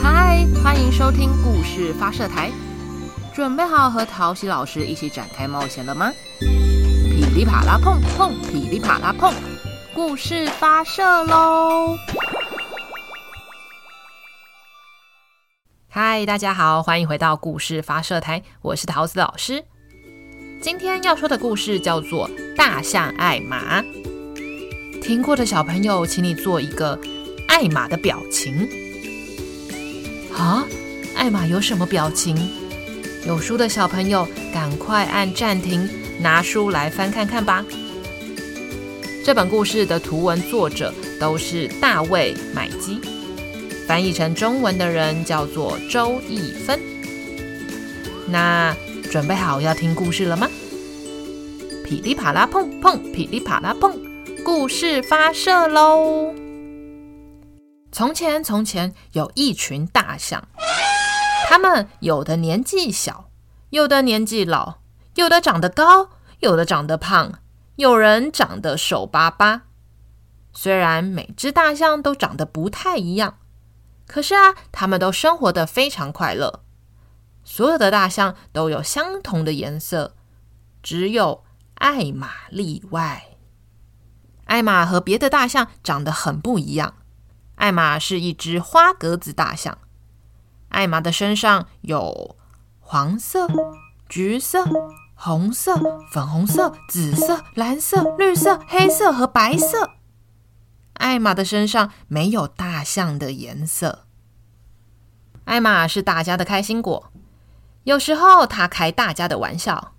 嗨，Hi, 歡迎收聽故事發射台，準備好和桃喜老師一起展開冒險了嗎？噼里啪啦碰碰，噼里啪啦碰，故事發射嘍！嗨，大家好，歡迎回到故事發射台，我是桃子老師。今天要說的故事叫做《大象艾瑪》，聽過的小朋友，請你做一個艾瑪的表情。啊，艾瑪有什麼表情？有書的小朋友趕快按暫停，拿書來翻看看吧。這本故事的圖文作者都是大衛·麥基，翻譯成中文的人叫做周逸芬。那準備好要聽故事了嗎？噼里啪啦碰碰，噼里啪啦碰，故事發射嘍！從前，從前有一群大象，它們有的年紀小，有的年紀老，有的長得高，有的長得胖，有人長得瘦巴巴。雖然每隻大象都長得不太一樣，可是啊，他們都生活得非常快樂。所有的大象都有相同的顏色，只有艾瑪例外。艾瑪和別的大象長得很不一樣。艾瑪是一隻花格子大象。艾瑪的身上有黃色、橘色、紅色、粉紅色、紫色、藍色、綠色、黑色和白色。艾瑪的身上沒有大象的顏色。艾瑪是大家的開心果，有時候她開大家的玩笑，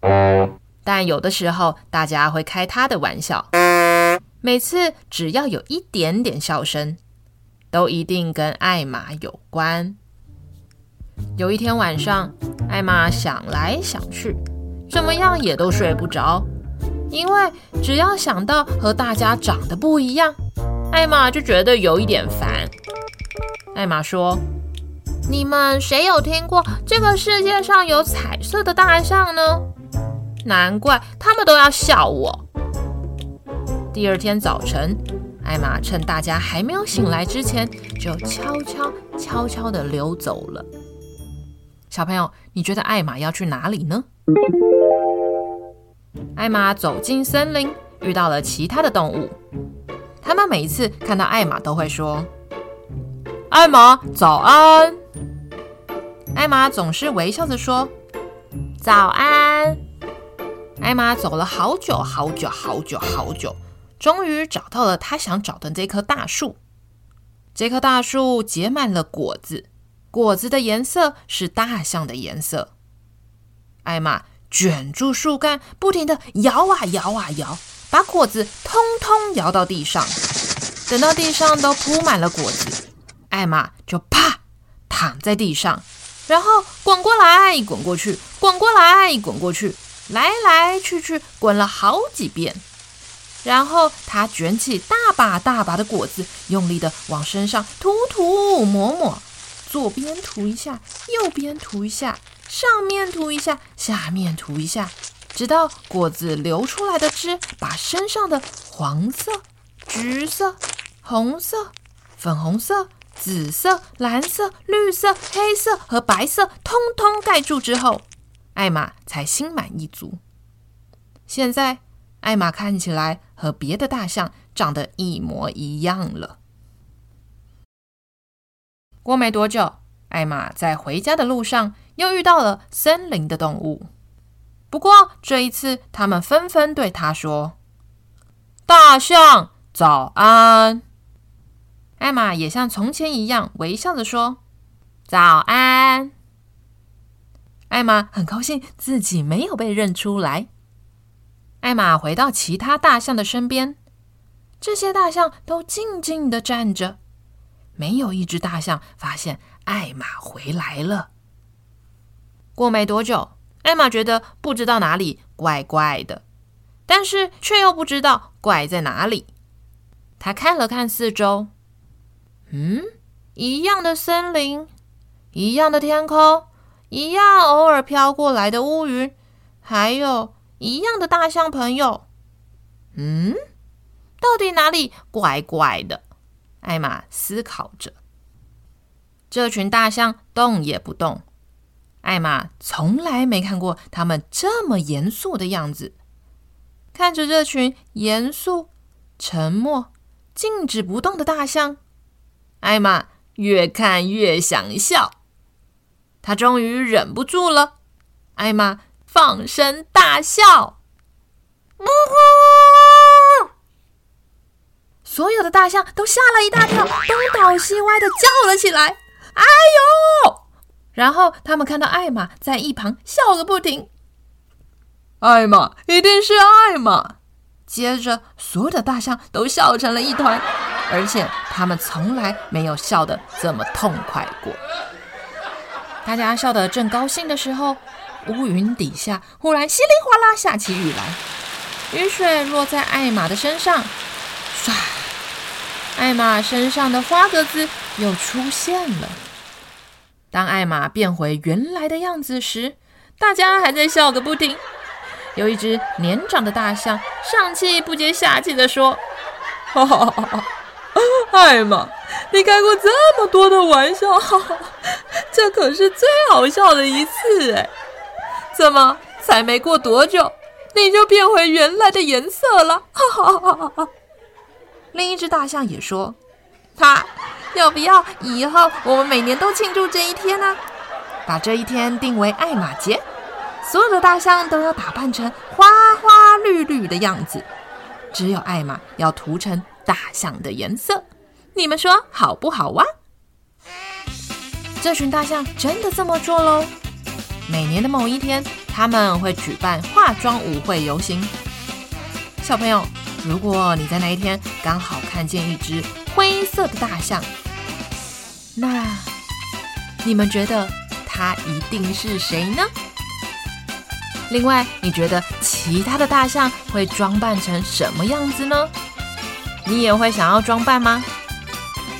但有的時候大家會開她的玩笑。每次只要有一點點笑聲。都一定跟艾瑪有關。有一天晚上，艾瑪想來想去，怎麼樣也都睡不着，因為只要想到和大家長得不一樣，艾瑪就覺得有一點煩。艾瑪說：“你們誰有聽過這個世界上有彩色的大象呢？難怪他們都要笑我。”第二天早晨。艾瑪趁大家還沒有醒來之前，就悄悄悄悄的溜走了。小朋友，你覺得艾瑪要去哪裡呢？艾瑪走進森林，遇到了其他的動物，他們每一次看到艾瑪都會說：“艾瑪，早安。”艾瑪總是微笑着說：“早安。”艾瑪走了好久好久好久好久，好久好久終於找到了他想找的這棵大樹。這棵大樹結滿了果子，果子的顏色是大象的顏色。艾瑪捲住樹幹，不停地搖啊搖啊搖，把果子通通搖到地上。等到地上都鋪滿了果子，艾瑪就啪躺在地上，然後滾過來，滾過去，滾過來，滾過去，來來去去滾了好幾遍。然後，他捲起大把大把的果子，用力的往身上塗塗抹抹，左邊塗一下，右邊塗一下，上面塗一下，下面塗一下，直到果子流出來的汁把身上的黃色、橘色、紅色、粉紅色、紫色、藍色、綠色、黑色和白色通通蓋住之後，艾瑪才心滿意足。現在。艾瑪看起來和別的大象長得一模一樣了。過沒多久，艾瑪在回家的路上又遇到了森林的動物，不過這一次，他們紛紛對他說：“大象，早安！”艾瑪也像從前一樣微笑着說：“早安！”艾瑪很高興自己沒有被認出來。艾瑪回到其他大象的身邊，這些大象都靜靜的站着，沒有一隻大象發現艾瑪回來了。過沒多久，艾瑪覺得不知道哪裡怪怪的，但是卻又不知道怪在哪裡。他看了看四周，嗯，一樣的森林，一樣的天空，一樣偶爾飄過來的烏雲，還有……一樣的大象朋友，嗯，到底哪裡怪怪的？艾瑪思考着。這群大象動也不動，艾瑪從來沒看過他們這麼嚴肅的樣子。看着這群嚴肅、沉默、靜止不動的大象，艾瑪越看越想笑。她終於忍不住了，艾瑪。放聲大笑，嗚、嗯、所有的大象都嚇了一大跳，東倒西歪的叫了起來：“哎呦！”然後他們看到艾瑪在一旁笑個不停。艾瑪，一定是艾瑪。接着，所有的大象都笑成了一團，而且他們從來沒有笑得這麼痛快過。大家笑得正高興的時候。烏雲底下，忽然稀裡嘩啦下起雨來。雨水落在艾瑪的身上，唰，艾瑪身上的花格子又出現了。當艾瑪變回原來的樣子時，大家還在笑個不停。有一只年長的大象上氣不接下氣地說：“哈哈，艾瑪，你開過這麼多的玩笑，哦，這可是最好笑的一次哎。”怎麼才沒過多久，你就變回原來的顏色了？哈哈哈哈哈！另一只大象也說：“他要不要以後我們每年都慶祝這一天呢？把這一天定為艾瑪節，所有的大象都要打扮成花花綠綠的樣子，只有艾瑪要塗成大象的顏色。你們說好不好哇？”這群大象真的這麼做嘍。每年的某一天，他們會舉辦化妝舞會遊行。小朋友，如果你在那一天剛好看見一隻灰色的大象，那你們覺得它一定是誰呢？另外，你覺得其他的大象會裝扮成什麼樣子呢？你也會想要裝扮嗎？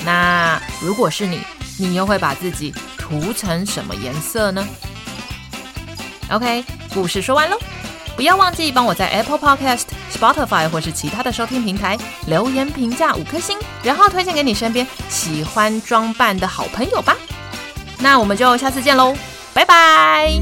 那如果是你，你又會把自己塗成什麼顏色呢？OK，故事說完嘍，不要忘記幫我在 Apple Podcast、Spotify 或是其他的收聽平台留言評價五顆星，然後推薦給你身邊喜歡裝扮的好朋友吧。那我們就下次見嘍，拜拜。